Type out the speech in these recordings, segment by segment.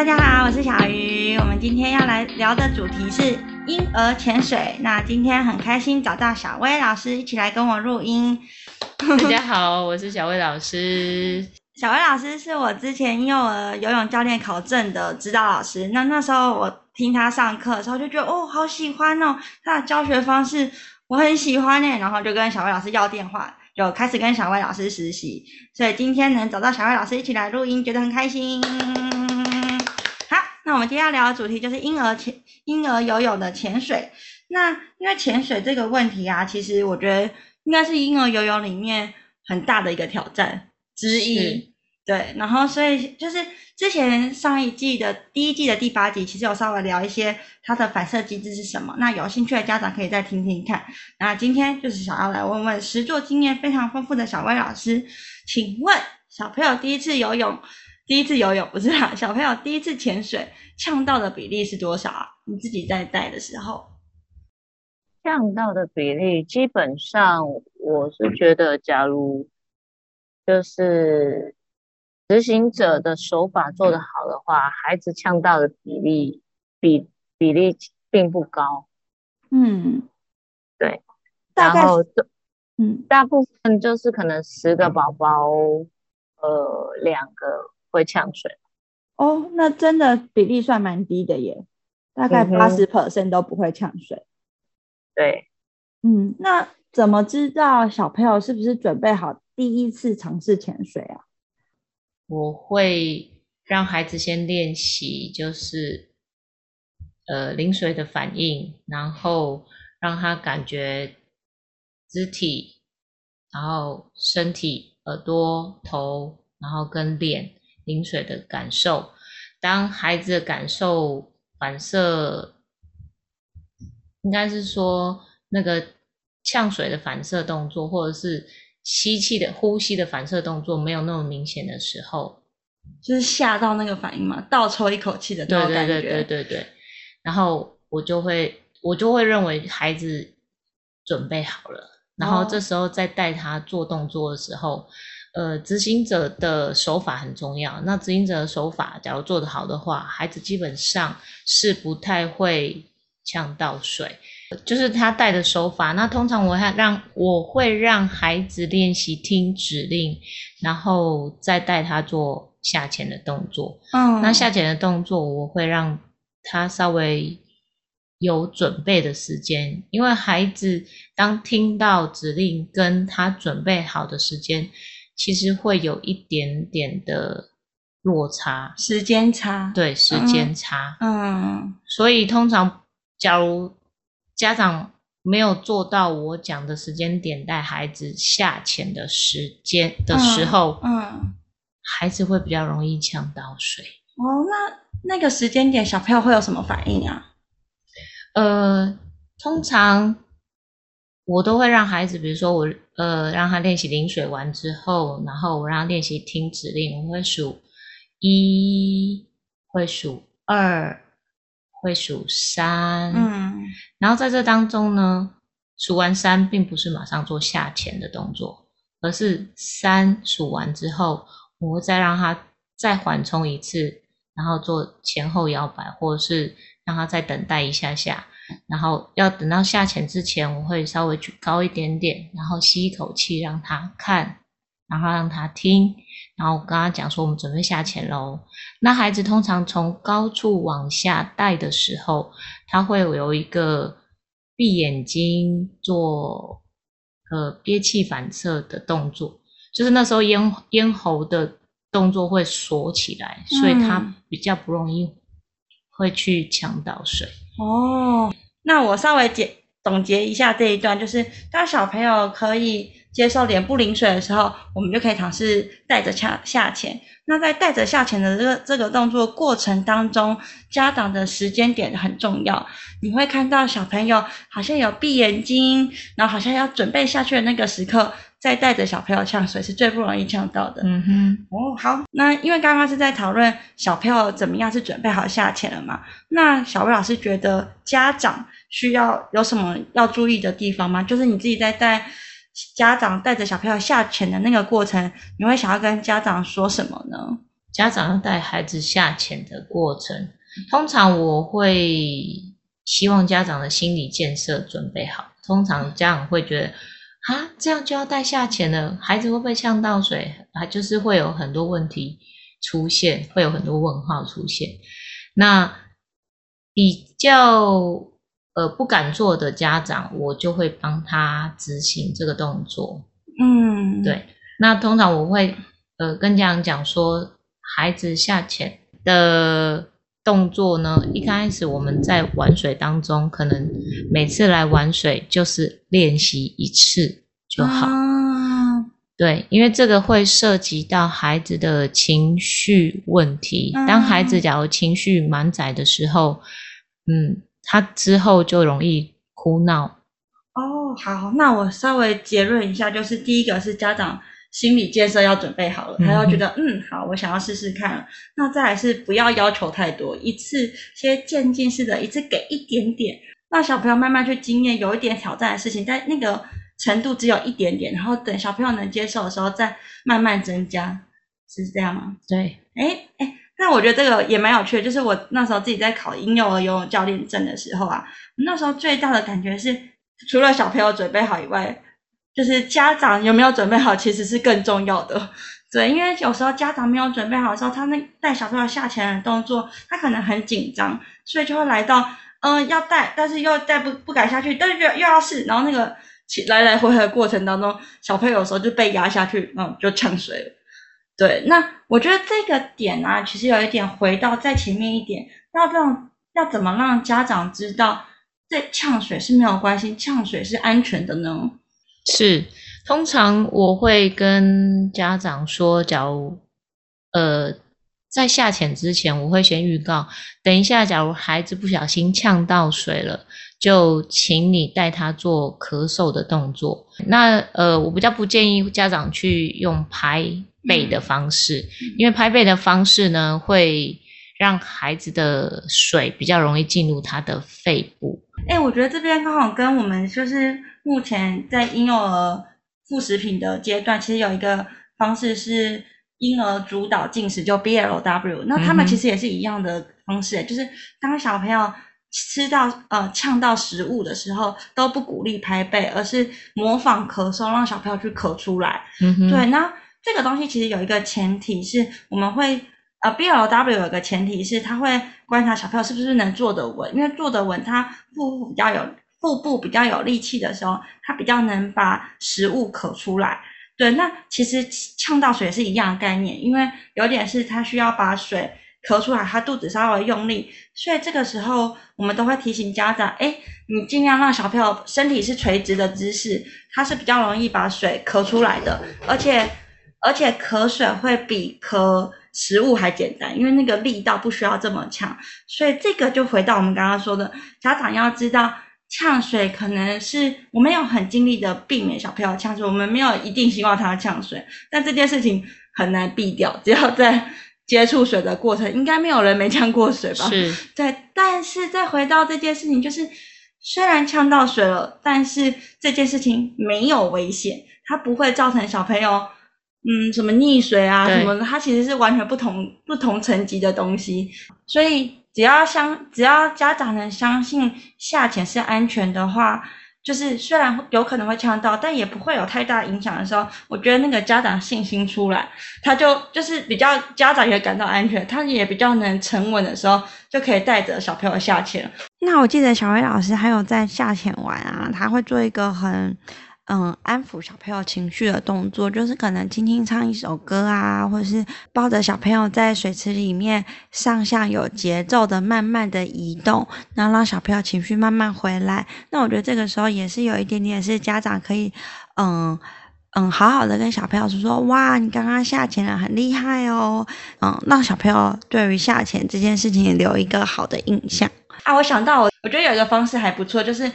大家好，我是小魚。我們今天要來聊的主題是嬰兒潛水。那今天很開心找到筱崴老師一起來跟我錄音。大家好，我是筱崴老師。筱崴老師是我之前幼兒游泳教練考證的指導老師。那那時候我聽他上課的時候就覺得哦，好喜歡哦，他的教學方式我很喜歡呢，然後就跟筱崴老師要電話，就開始跟筱崴老師實習。所以今天能找到筱崴老師一起來錄音，覺得很開心。那我們接下來聊的主題就是嬰兒潛、嬰兒游泳的潛水。那因為潛水這個問題啊，其實我覺得應該是嬰兒游泳裡面很大的一個挑戰之一。是對，然後所以就是之前上一季的第一季的第八集，其實有稍微聊一些它的反射機制是什麼。那有興趣的家長可以再聽聽看。那今天就是想要來問問實作經驗非常豐富的筱崴老師，請問小朋友第一次游泳？第一次游泳，不是啊，小朋友第一次潛水嗆到的比例是多少啊？你自己在帶的時候，嗆到的比例基本上，我是覺得，假如就是執行者的手法做得好的話，嗯、孩子嗆到的比例比比例並不高。嗯，對，然後，嗯，大部分就是可能十個寶寶，嗯、呃，兩個。會嗆水哦，那真的比例算蠻低的耶，大概八十 percent 都不會嗆水。對，嗯，那怎麼知道小朋友是不是準備好第一次嘗試潛水啊？我會讓孩子先練習，就是呃淋水的反應，然後讓他感覺肢體，然後身體、耳朵、頭，然後跟臉。飲水的感受，當孩子的感受反射，應該是說那個嗆水的反射動作，或者是吸氣的呼吸的反射動作沒有那麼明顯的時候，就是嚇到那個反應嘛，倒抽一口氣的感覺。對對對對對對。然後我就會我就會認為孩子準備好了，然後這時候再帶他做動作的時候。哦呃，執行者的手法很重要。那執行者的手法，假如做得好的話，孩子基本上是不太會嗆到水，就是他帶的手法。那通常我還讓，我會讓孩子練習聽指令，然後再帶他做下潛的動作。嗯，那下潛的動作我會讓他稍微有準備的時間，因為孩子當聽到指令跟他準備好的時間。其實會有一點點的落差，時間差，對，嗯、時間差，嗯，所以通常，假如家長沒有做到我講的時間點帶孩子下潛的時間的時候，嗯，嗯孩子會比較容易嗆到水。哦，那那個時間點小朋友會有什麼反應啊？呃，通常。我都會讓孩子，比如說我呃讓他練習淋水完之後，然後我讓他練習聽指令，我會數一，會數二，會數三，嗯，然後在這當中呢，數完三並不是馬上做下潛的動作，而是三數完之後，我會再讓他再緩衝一次，然後做前後搖擺或者是。讓他再等待一下下，然後要等到下潛之前，我會稍微舉高一點點，然後吸一口氣，讓他看，然後讓他聽，然後我跟他講說我們準備下潛嘍。那孩子通常從高處往下帶的時候，他會有一個閉眼睛做呃憋氣反射的動作，就是那時候咽、咽喉的動作會鎖起來，所以他比較不容易。會去嗆到水哦。那我稍微解總結一下這一段，就是當小朋友可以接受臉部淋水的時候，我們就可以嘗試帶着下下潛。那在帶着下潛的這個這個動作過程當中，家長的時間點很重要。你會看到小朋友好像有閉眼睛，然後好像要準備下去的那個時刻，在帶着小朋友下水是最不容易嗆到的。嗯哼，哦，好，那因為剛剛是在討論小朋友怎麼樣是準備好下潛了嘛？那筱崴老師覺得家長需要有什麼要注意的地方嗎？就是你自己在帶家長帶着小朋友下潛的那個過程，你會想要跟家長說什麼呢？家長要帶孩子下潛的過程，通常我會希望家長的心理建設準備好。通常家長會覺得。啊，這樣就要帶下潛了，孩子會不會嗆到水？啊，就是會有很多問題出現，會有很多問號出現。那比較呃不敢做的家長，我就會幫他執行這個動作。嗯，對。那通常我會呃跟家長講說，孩子下潛的。動作呢？一開始我們在玩水當中，可能每次來玩水就是練習一次就好。啊、對，因為這個會涉及到孩子的情緒問題。啊、當孩子假如情緒滿載的時候，嗯，他之後就容易哭鬧。哦，好，那我稍微結論一下，就是第一個是家長。心理建設要準備好了，他要覺得嗯，哼嗯，好，我想要試試看。那再來是不要要求太多，一次先漸進式的，一次給一點點，讓小朋友慢慢去經驗有一點挑戰的事情，在那個程度只有一點點，然後等小朋友能接受的時候再慢慢增加，是，是這樣嗎？對，誒誒、欸欸、那我覺得這個也蠻有趣的，就是我那時候自己在考嬰幼兒游泳教練證的時候啊，那時候最大的感覺是，除了小朋友準備好以外。就是家長有沒有準備好，其實是更重要的。對，因為有時候家長沒有準備好的時候，他那帶小朋友下潛的動作，他可能很緊張，所以就會來到，嗯、呃，要帶，但是又帶不不敢下去，但是又又要試，然後那個起來來回回的過程當中，小朋友有時候就被壓下去，嗯，就嗆水了。對，那我覺得這個點呢、啊，其實有一點回到再前面一點，要讓要怎麼讓家長知道，這嗆水是沒有關係，嗆水是安全的呢？是，通常我會跟家長說，假如呃在下潛之前，我會先預告，等一下，假如孩子不小心嗆到水了，就請你帶他做咳嗽的動作。那呃，我比較不建議家長去用拍背的方式，嗯、因為拍背的方式呢會，讓孩子的水比較容易進入他的肺部。哎、欸，我覺得這邊剛好跟我們就是目前在嬰幼兒副食品的階段，其實有一個方式是嬰兒主導進食，就 BLW。那他們其實也是一樣的方式，嗯哼。就是當小朋友吃到呃嗆到食物的時候，都不鼓勵拍背，而是模仿咳嗽，讓小朋友去咳出來。嗯哼。對，那這個東西其實有一個前提是我們會。呃，啊，B L W 有個前提是，他會觀察小朋友是不是能坐得穩，因為坐得穩，他腹部比較有腹部比較有力氣的時候，他比較能把食物咳出來。對，那其實嗆到水是一樣的概念，因為有點是他需要把水咳出來，他肚子稍微用力，所以這個時候我們都會提醒家長，哎，你盡量讓小朋友身體是垂直的姿勢，他是比較容易把水咳出來的，而且而且咳水會比咳。食物還簡單，因為那個力道不需要這麼強，所以這個就回到我們剛剛說的，家長要知道嗆水可能是我們有很盡力的避免小朋友嗆水，我們沒有一定希望他嗆水，但這件事情很難避掉，只要在接觸水的過程，應該沒有人沒嗆過水吧？是，對。但是再回到這件事情，就是雖然嗆到水了，但是這件事情沒有危險，它不會造成小朋友。嗯，什麼溺水啊什麼的，對它其實是完全不同不同層級的東西。所以只要相只要家長能相信下潛是安全的話，就是雖然有可能會嗆到，但也不會有太大影響的時候，我覺得那個家長信心出來，他就就是比較家長也感到安全，他也比較能沉穩的時候，就可以帶着小朋友下潛。那我記得筱崴老師還有在下潛玩啊，他會做一個很。嗯，安撫小朋友情緒的動作，就是可能輕輕唱一首歌啊，或者是抱着小朋友在水池裡面上下有節奏的慢慢的移動，然後讓小朋友情緒慢慢回來。那我覺得這個時候也是有一點點是家長可以，嗯嗯，好好的跟小朋友說說，哇，你剛剛下潛了，很厲害哦，嗯，讓小朋友對於下潛這件事情留一個好的印象。啊，我想到我，我覺得有一個方式還不錯，就是。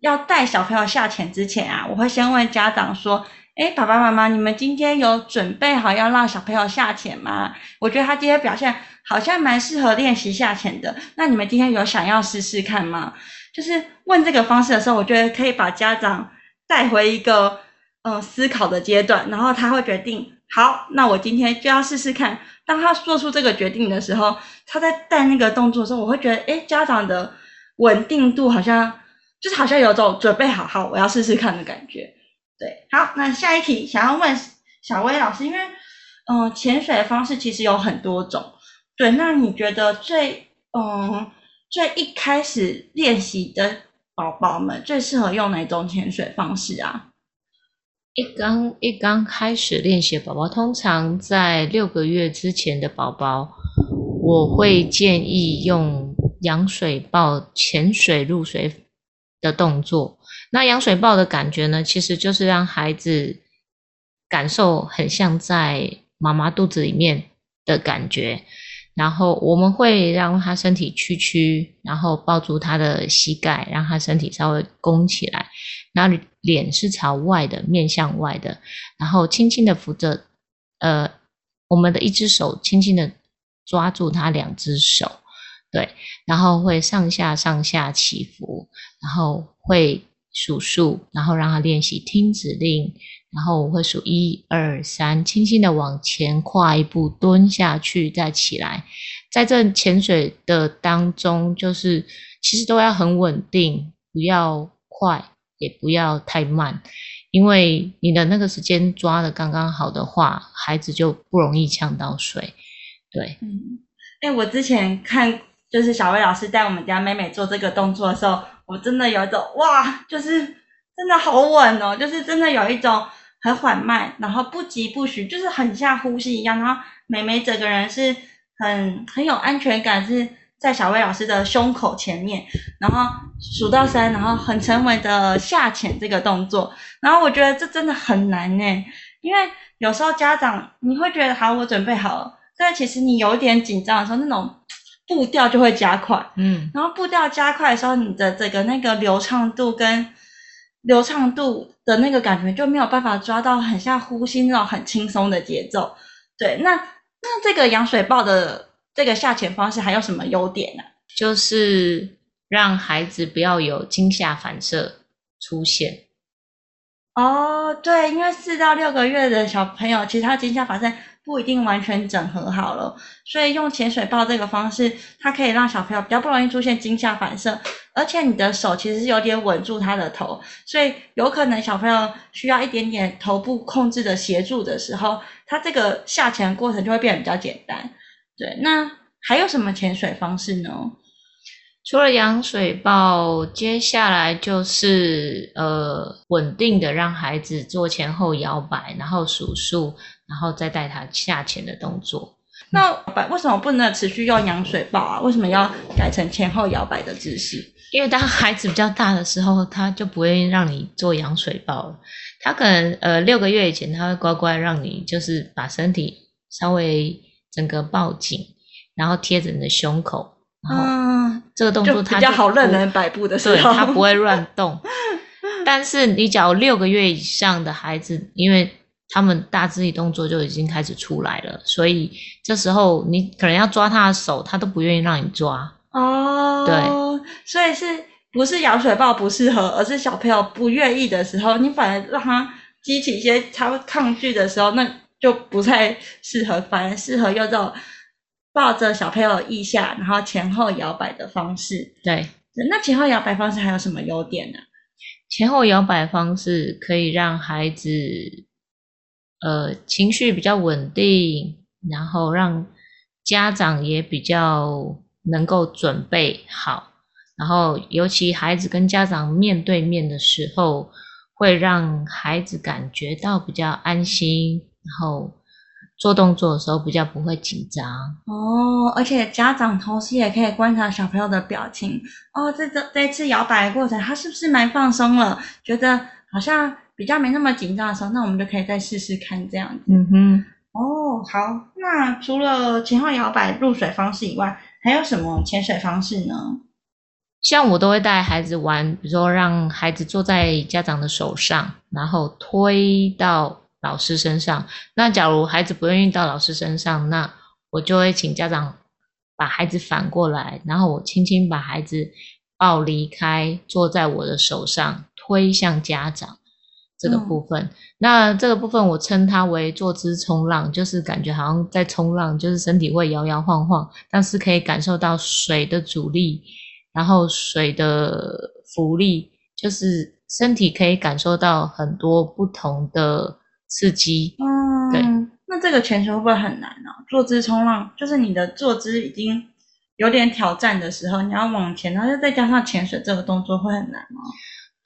要帶小朋友下潛之前啊，我會先問家長說：“哎，爸爸媽媽，你們今天有準備好要讓小朋友下潛嗎？我覺得他今天表現好像蠻適合練習下潛的。那你們今天有想要試試看嗎？”就是問這個方式的時候，我覺得可以把家長帶回一個嗯、呃、思考的階段，然後他會決定好，那我今天就要試試看。當他做出這個決定的時候，他在帶那個動作的時候，我會覺得，哎，家長的穩定度好像。就是好像有種準備好好，我要試試看的感覺。對，好，那下一題想要問筱崴老師，因為嗯、呃，潛水方式其實有很多種。對，那你覺得最嗯、呃、最一開始練習的寶寶們最適合用哪種潛水方式啊？一剛一剛開始練習的寶寶，通常在六個月之前的寶寶，我會建議用羊水抱潛水入水的動作，那羊水抱的感覺呢，其實就是讓孩子感受很像在媽媽肚子裡面的感覺。然後我們會讓他身體屈曲，曲，然後抱住他的膝蓋，讓他身體稍微弓起來，那臉是朝外的，面向外的，然後輕輕的扶着，呃，我們的一隻手輕輕的抓住他兩隻手。對，然後會上下上下起伏，然後會數數，然後讓他練習聽指令，然後我會數一二三，輕輕的往前跨一步，蹲下去再起來，在這潛水的當中，就是其實都要很穩定，不要快，也不要太慢，因為你的那個時間抓得剛剛好的話，孩子就不容易嗆到水。對，嗯，哎，我之前看。就是筱崴老師帶我們家妹妹做這個動作的時候，我真的有一種哇，就是真的好穩哦，就是真的有一種很緩慢，然後不疾不徐，就是很像呼吸一樣。然後妹妹整個人是很很有安全感，是在筱崴老師的胸口前面，然後數到三，然後很沉穩的下潛這個動作。然後我覺得這真的很難哎，因為有時候家長你會覺得好，我準備好了，但其實你有點緊張的時候那種。步調就會加快，嗯，然後步調加快的時候，你的這個那個流暢度跟流暢度的那個感覺就沒有辦法抓到很像呼吸那種很輕鬆的節奏。對，那那這個羊水抱的這個下潛方式還有什麼優點呢？啊？就是讓孩子不要有驚嚇反射出現。哦，對，因為四到六個月的小朋友，其實他驚嚇反射。不一定完全整合好了，所以用潛水抱這個方式，它可以讓小朋友比較不容易出現驚嚇反射，而且你的手其實是有點穩住他的頭，所以有可能小朋友需要一點點頭部控制的協助的時候，他這個下潛的過程就會變得比較簡單。對，那還有什麼潛水方式呢？除了仰水抱，接下來就是呃穩定的讓孩子做前後搖擺，然後數數。然後再帶他下潛的動作。嗯、那為什麼不能持續用仰水抱啊？為什麼要改成前後搖擺的姿勢？因為當孩子比較大的時候，他就不會讓你做仰水抱了。他可能呃六個月以前他會乖乖讓你就是把身體稍微整個抱緊，然後貼着你的胸口。嗯，這個動作他比較好任人擺布的時候，候，他不會亂動。 但是你只要六個月以上的孩子，因為他們大肢體動作就已經開始出來了，所以這時候你可能要抓他的手，他都不願意讓你抓哦。對，所以是不是搖水泡不適合，而是小朋友不願意的時候，你反而讓他激起一些他會抗拒的時候，那就不太適合，反而適合用這種抱着小朋友腋下，然後前後搖擺的方式。對，那前後搖擺方式還有什麼優點呢？前後搖擺方式可以讓孩子。呃，情緒比較穩定，然後讓家長也比較能夠準備好，然後尤其孩子跟家長面對面的時候，會讓孩子感覺到比較安心，然後做動作的時候比較不會緊張。哦，而且家長同時也可以觀察小朋友的表情哦，在這這一次搖擺的過程，他是不是蠻放鬆了？覺得好像。比較沒那麼緊張的時候，那我們就可以再試試看這樣子。嗯哼，哦，oh, 好。那除了前後搖擺入水方式以外，還有什麼潛水方式呢？像我都會帶孩子玩，比如說讓孩子坐在家長的手上，然後推到老師身上。那假如孩子不願意到老師身上，那我就會請家長把孩子反過來，然後我輕輕把孩子抱離開，坐在我的手上，推向家長。這個部分，嗯、那這個部分我稱它為坐姿衝浪，就是感覺好像在衝浪，就是身體會搖搖晃晃，但是可以感受到水的阻力，然後水的浮力，就是身體可以感受到很多不同的刺激。嗯，對。那這個全球會不會很難呢、啊？坐姿衝浪就是你的坐姿已經有點挑戰的時候，你要往前，然後又再加上潛水這個動作會很難嗎？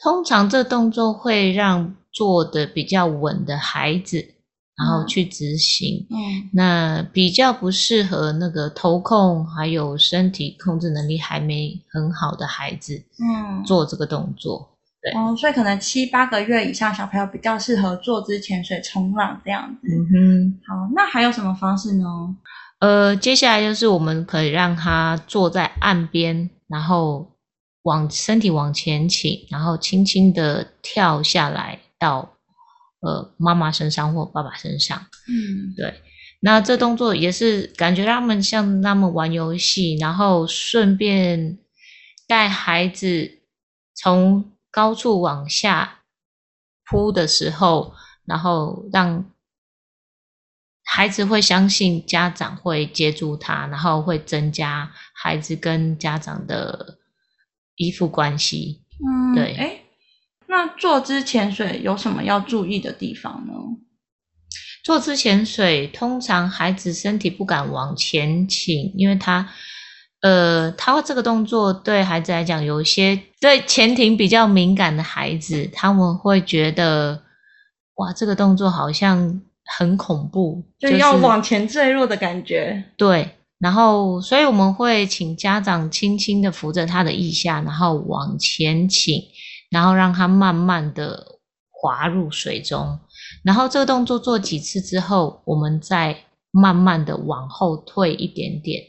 通常這動作會讓坐得比較穩的孩子，嗯、然後去執行。嗯，那比較不適合那個頭控還有身體控制能力還沒很好的孩子，嗯，做這個動作。對，哦，所以可能七八個月以上小朋友比較適合坐姿潛水、衝浪這樣子。嗯哼，好，那還有什麼方式呢？呃，接下來就是我們可以讓他坐在岸邊，然後。往身體往前傾，然後輕輕的跳下來到，呃，媽媽身上或爸爸身上。嗯，對。那這動作也是感覺他們像他們玩遊戲，然後順便帶孩子從高處往下撲的時候，然後讓孩子會相信家長會接住他，然後會增加孩子跟家長的。依附關係，嗯，對，哎、嗯，那坐姿潛水有什麼要注意的地方呢？坐姿潛水通常孩子身體不敢往前傾，因為他，呃，他會這個動作對孩子來講有一些對前庭比較敏感的孩子，他們會覺得，哇，這個動作好像很恐怖，就要往前墜落的感覺，就是、對。然後，所以我們會請家長輕輕的扶着他的腋下，然後往前傾，然後讓他慢慢的滑入水中。然後這個動作做幾次之後，我們再慢慢的往後退一點點，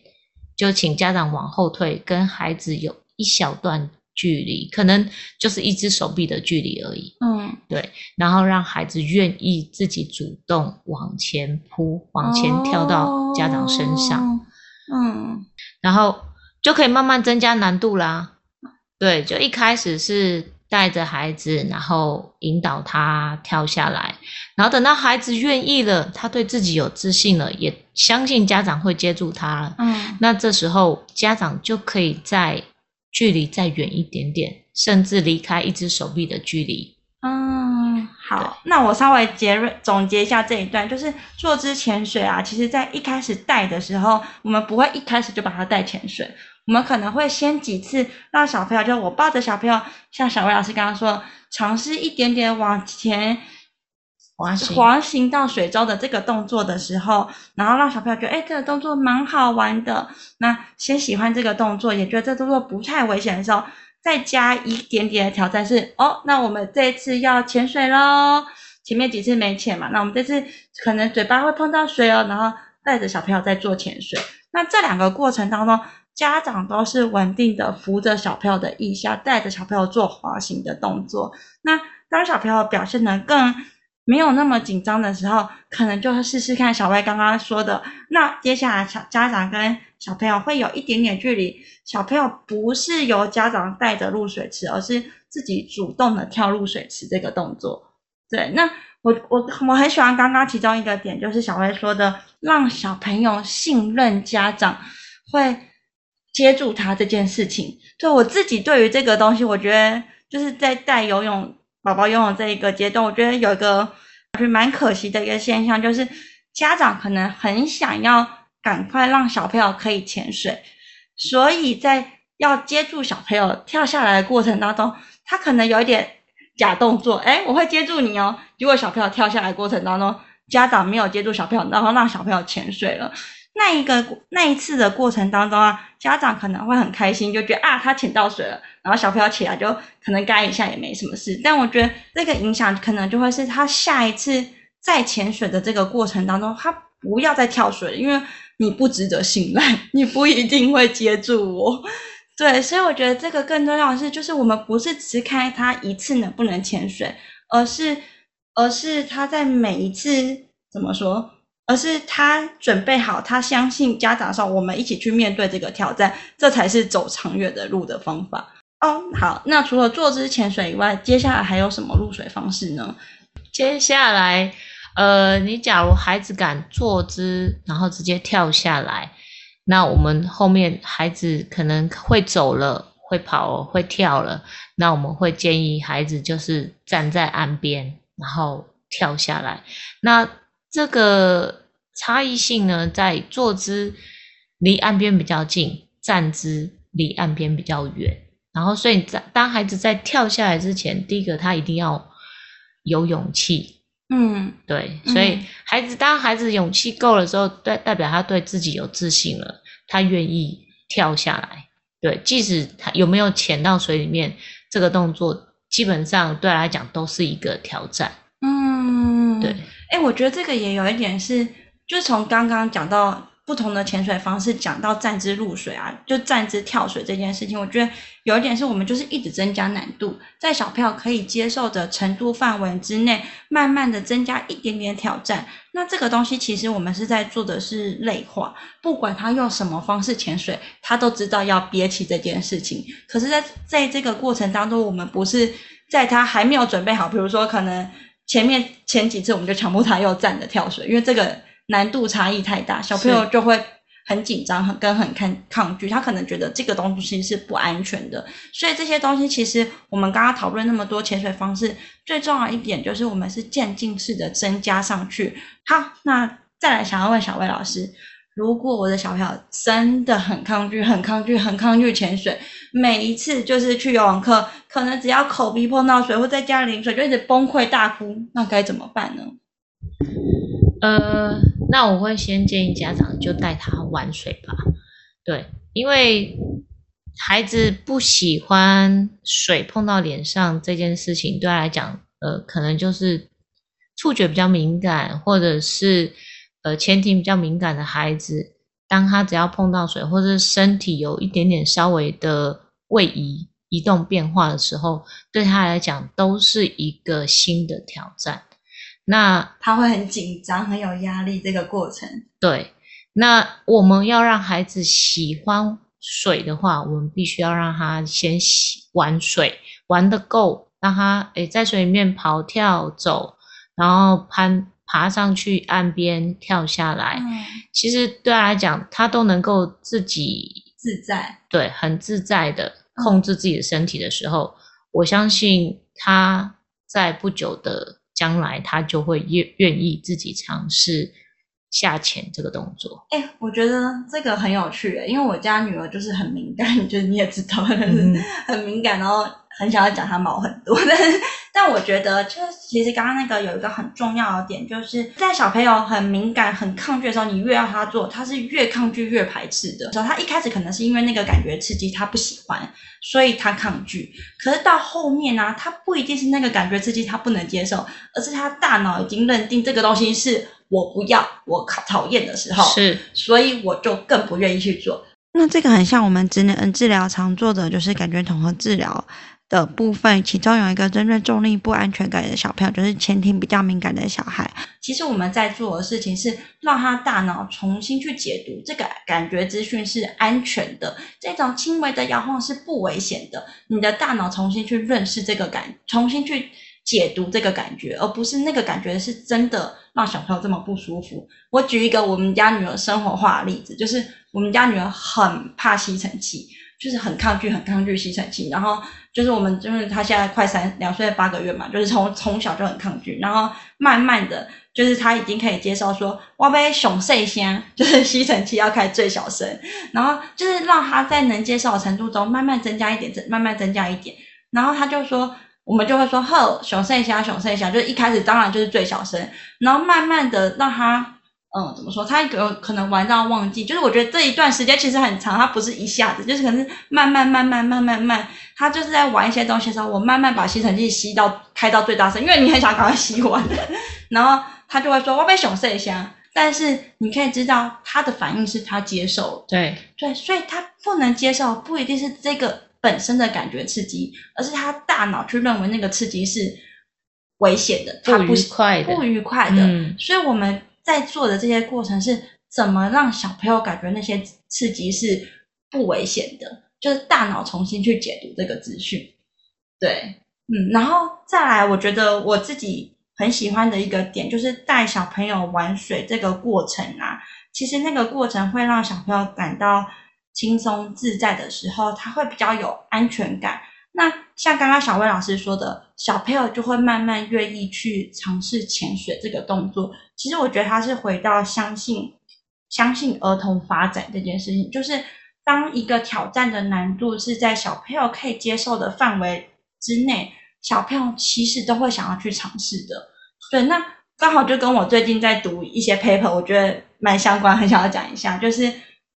就請家長往後退，跟孩子有一小段距離，可能就是一只手臂的距離而已。嗯，對。然後讓孩子願意自己主動往前撲，往前跳到家長身上。哦嗯，然後就可以慢慢增加難度啦。對，就一開始是帶着孩子，然後引導他跳下來，然後等到孩子願意了，他對自己有自信了，也相信家長會接住他。嗯，那這時候家長就可以再距離再遠一點點，甚至離開一隻手臂的距離。嗯。好，那我稍微結論總結一下這一段，就是坐姿潛水啊，其實，在一開始帶的時候，我們不會一開始就把它帶潛水，我們可能會先幾次讓小朋友，就我抱着小朋友，像筱崴老師剛剛說，嘗試一點點往前滑行，行到水中的這個動作的時候，然後讓小朋友覺得，哎，這個動作蠻好玩的，那先喜歡這個動作，也覺得這動作不太危險的時候。再加一點點的挑戰是哦，那我們這次要潛水嘍。前面幾次沒潛嘛，那我們這次可能嘴巴會碰到水哦，然後帶着小朋友再做潛水。那這兩個過程當中，家長都是穩定的扶着小朋友的腋下，帶着小朋友做滑行的動作。那當小朋友表現得更。沒有那麼緊張的時候，可能就是試試看筱崴剛剛說的。那接下來，小家長跟小朋友會有一點點距離，小朋友不是由家長帶着入水池，而是自己主動的跳入水池這個動作。對，那我我我很喜歡剛剛其中一個點，就是筱崴說的，讓小朋友信任家長會接住他這件事情。對，我自己對於這個東西，我覺得就是在帶游泳。寶寶擁有這一個階段，我覺得有一個就是蠻可惜的一個現象，就是家長可能很想要趕快讓小朋友可以潛水，所以在要接住小朋友跳下來的過程當中，他可能有一點假動作，哎，我會接住你哦。如果小朋友跳下來的過程當中，家長沒有接住小朋友，然後讓小朋友潛水了，那一個那一次的過程當中啊，家長可能會很開心，就覺得啊他潛到水了，然後小朋友起來就可能乾一下也沒什麼事。但我覺得這個影響可能就會是他下一次再潛水的這個過程當中，他不要再跳水了，因為你不值得信賴，你不一定會接住我。對，所以我覺得這個更重要的是，就是我們不是只看他一次能不能潛水，而是而是他在每一次怎麼說？而是他準備好，他相信家長說，我們一起去面對這個挑戰，這才是走長遠的路的方法。哦，好，那除了坐姿潛水以外，接下來還有什麼入水方式呢？接下來，呃，你假如孩子敢坐姿，然後直接跳下來，那我們後面孩子可能會走了，會跑，會跳了，那我們會建議孩子就是站在岸邊，然後跳下來。那這個差異性呢，在坐姿離岸邊比較近，站姿離岸邊比較遠。然後，所以在當孩子在跳下來之前，第一個他一定要有勇氣。嗯，對。所以孩子、嗯、當孩子勇氣夠了之後，代代表他對自己有自信了，他願意跳下來。對，即使他有沒有潛到水裡面，這個動作基本上對來講都是一個挑戰。嗯，對。哎、欸，我覺得這個也有一點是，就從剛剛講到不同的潛水方式，講到站姿入水啊，就站姿跳水這件事情，我覺得有一點是我們就是一直增加難度，在小朋友可以接受的程度範圍之內，慢慢的增加一點點挑戰。那這個東西其實我們是在做的是內化，不管他用什麼方式潛水，他都知道要憋氣這件事情。可是在，在在這個過程當中，我們不是在他還沒有準備好，比如說可能。前面前幾次我們就強迫他要站着跳水，因為這個難度差異太大，小朋友就會很緊張，很跟很抗抗拒。是他可能覺得這個東西是不安全的，所以這些東西其實我們剛剛討論那麼多潛水方式，最重要一點就是我們是漸進式的增加上去。好，那再來想要問筱崴老師。如果我的小朋友真的很抗拒，很抗拒，很抗拒潛水，每一次就是去游泳課，可能只要口鼻碰到水或在家裡淋水就一直崩潰大哭，那該怎麼辦呢？呃，那我會先建議家長就帶他玩水吧。對，因為孩子不喜歡水碰到臉上這件事情，對他來講，呃，可能就是觸覺比較敏感，或者是。呃，前庭比較敏感的孩子，當他只要碰到水，或者身體有一點點稍微的位移、移動變化的時候，對他來講都是一個新的挑戰。那他會很緊張，很有壓力。這個過程。對。那我們要讓孩子喜歡水的話，我們必須要讓他先喜玩水，玩得夠，讓他誒、欸、在水裡面跑、跳、走，然後攀。爬上去，岸邊跳下來，嗯、其實對他來講，他都能夠自己自在，對，很自在的控制自己的身體的時候，嗯、我相信他在不久的將來，他就會願願意自己嘗試下潛這個動作。哎、欸，我覺得這個很有趣，因為我家女兒就是很敏感，你就是你也知道，很敏感，然後很想要講她毛很多。但是但我覺得，就是其實剛剛那個有一個很重要的點，就是在小朋友很敏感、很抗拒的時候，你越要他做，他是越抗拒、越排斥的。他一開始可能是因為那個感覺刺激他不喜歡，所以他抗拒。可是到後面呢，啊，他不一定是那個感覺刺激他不能接受，而是他大腦已經認定這個東西是我不要、我討厭的時候，是，所以我就更不願意去做。那這個很像我們職能治療常做的，就是感覺統合治療。的部分，其中有一個針對重力不安全感的小朋友，就是前庭比較敏感的小孩。其實我們在做的事情是，讓他大腦重新去解讀這個感覺資訊是安全的，這種輕微的搖晃是不危險的。你的大腦重新去認識這個感，重新去解讀這個感覺，而不是那個感覺是真的讓小朋友這麼不舒服。我舉一個我們家女兒生活化的例子，就是我們家女兒很怕吸塵器，就是很抗拒、很抗拒吸塵器，然後。就是我們，就是他現在快三兩歲八個月嘛，就是從從小就很抗拒，然後慢慢的就是他已經可以接受說，我被熊聲先，就是吸塵器要開最小聲，然後就是讓他在能接受的程度中慢慢增加一點，慢慢增加一點，然後他就說，我們就會說，呵，熊聲先，熊聲先，就一開始當然就是最小聲，然後慢慢的讓他。嗯，怎麼說？他有可能玩到忘記，就是我覺得這一段時間其實很長，他不是一下子，就是可能是慢,慢慢慢慢慢慢慢，他就是在玩一些東西的時候，我慢慢把吸塵器吸到，開到最大聲，因為你很想趕快吸完， 然後他就會說 我被熊射一下。但是你可以知道他的反應是他接受，對對，所以他不能接受不一定是這個本身的感覺刺激，而是他大腦去認為那個刺激是危險的，他不不愉快的，不愉快的嗯，所以我們。在做的這些過程是怎麼讓小朋友感覺那些刺激是不危險的？就是大腦重新去解讀這個資訊。對，嗯，然後再來，我覺得我自己很喜歡的一個點，就是帶小朋友玩水這個過程啊，其實那個過程會讓小朋友感到輕鬆自在的時候，他會比較有安全感。那像剛剛筱崴老師說的，小朋友就會慢慢願意去嘗試潛水這個動作。其實我覺得他是回到相信相信兒童發展這件事情，就是當一個挑戰的難度是在小朋友可以接受的範圍之內，小朋友其實都會想要去嘗試的。對，那剛好就跟我最近在讀一些 paper，我覺得蠻相關，很想要講一下，就是。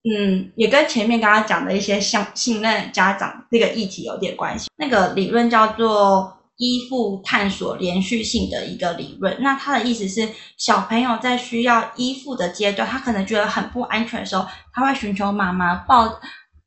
嗯，也跟前面剛剛講的一些相信任家長這個議題有點關係。那個理論叫做依附探索連續性的一個理論。那他的意思是，小朋友在需要依附的階段，他可能覺得很不安全的時候，他會尋求媽媽抱，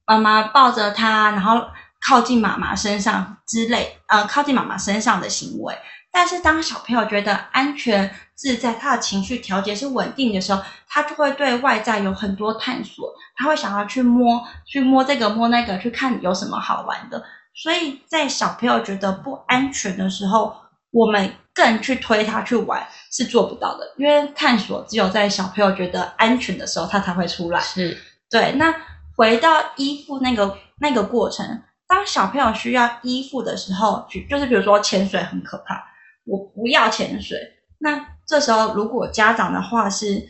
媽媽抱着他，然後靠近媽媽身上之類，呃，靠近媽媽身上的行為。但是當小朋友覺得安全自在，他的情緒調節是穩定的時候，他就會對外在有很多探索，他會想要去摸，去摸這個摸那個，去看有什麼好玩的。所以在小朋友覺得不安全的時候，我們更去推他去玩是做不到的，因為探索只有在小朋友覺得安全的時候，他才會出來。是對。那回到依附那個那個過程，當小朋友需要依附的時候，就是比如說潛水很可怕。我不要潛水。那這時候，如果家長的話是，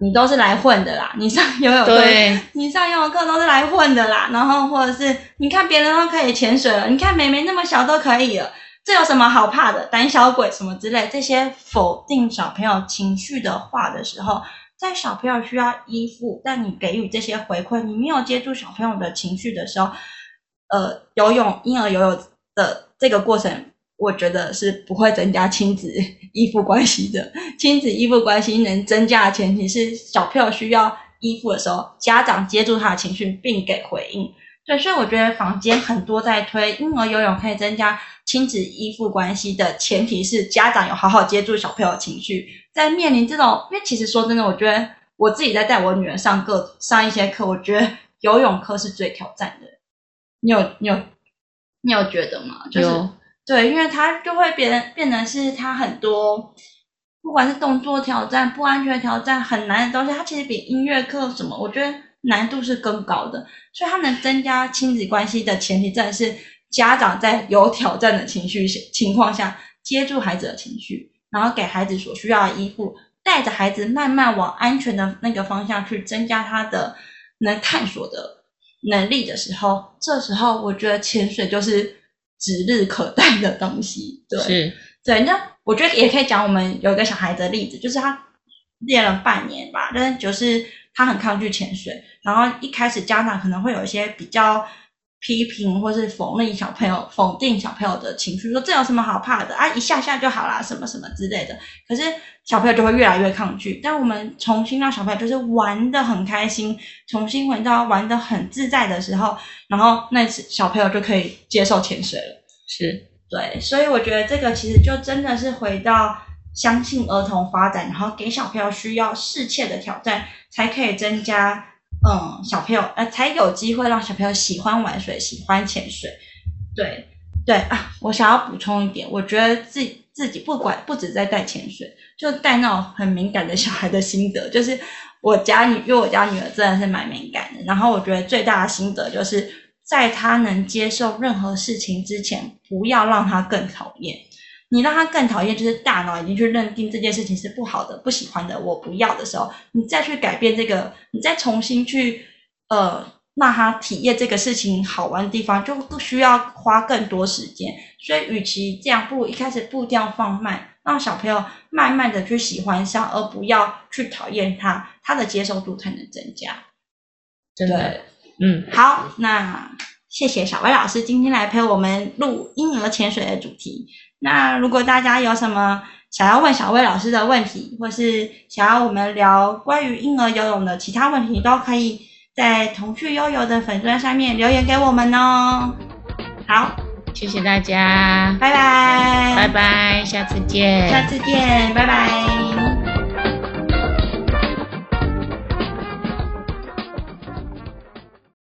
你都是來混的啦，你上游泳課，對你上游泳課都是來混的啦。然後，或者是你看別人都可以潛水了，你看妹妹那麼小都可以了，這有什麼好怕的？膽小鬼什麼之類這些否定小朋友情緒的話的時候，在小朋友需要依附，但你給予這些回饋，你沒有接住小朋友的情緒的時候，呃，游泳，嬰兒游泳的這個過程。我覺得是不會增加親子依附關係的。親子依附關係能增加的前提是小朋友需要依附的時候，家長接住他的情緒並給回應。對，所以我覺得坊間很多在推嬰兒游泳可以增加親子依附關係的前提是家長有好好接住小朋友的情緒。在面臨這種，因為其實說真的，我覺得我自己在帶我女兒上課上一些課，我覺得游泳課是最挑戰的。你有，你有，你有覺得嗎？就是。對，因為他就會變變成是他很多，不管是動作挑戰、不安全挑戰、很難的東西，他其實比音樂課什麼，我覺得難度是更高的。所以，他能增加親子關係的前提，真的是家長在有挑戰的情緒情況下，接住孩子的情緒，然後給孩子所需要的衣服，帶着孩子慢慢往安全的那個方向去增加他的能探索的能力的時候，這時候我覺得潛水就是。指日可待的東西，對，是對，那我覺得也可以講我們有一個小孩的例子，就是他練了半年吧，但是就是他很抗拒潛水，然後一開始家長可能會有一些比較。批評或是否認小朋友，否定小朋友的情緒，說這有什麼好怕的啊？一下下就好啦，什麼什麼之類的。可是小朋友就會越來越抗拒。但我們重新讓小朋友就是玩得很開心，重新回到玩得很自在的時候，然後那次小朋友就可以接受潛水了。是對，所以我覺得這個其實就真的是回到相信兒童發展，然後給小朋友需要適切的挑戰，才可以增加。嗯，小朋友，呃，才有機會讓小朋友喜歡玩水，喜歡潛水。對，對啊，我想要補充一點，我覺得自己自己不管不只在帶潛水，就帶那種很敏感的小孩的心得，就是我家女，因為我家女兒真的是蠻敏感的。然後我覺得最大的心得就是，在她能接受任何事情之前，不要讓她更討厭。你讓他更討厭，就是大腦已經去認定這件事情是不好的、不喜歡的，我不要的時候，你再去改變這個，你再重新去呃，讓他體驗這個事情好玩的地方，就不需要花更多時間。所以，與其這樣步，不如一開始步調放慢，讓小朋友慢慢的去喜歡上，而不要去討厭他，他的接受度才能增加。對，吧對，嗯，好，是是那謝謝筱崴老師今天來陪我們錄嬰兒潛水的主題。那如果大家有什麼想要問筱崴老師的問題，或是想要我們聊關於嬰兒游泳的其他問題，都可以在童趣悠悠的粉專上面留言給我們哦。好，謝謝大家，拜拜，拜拜，下次見，下次見，拜拜。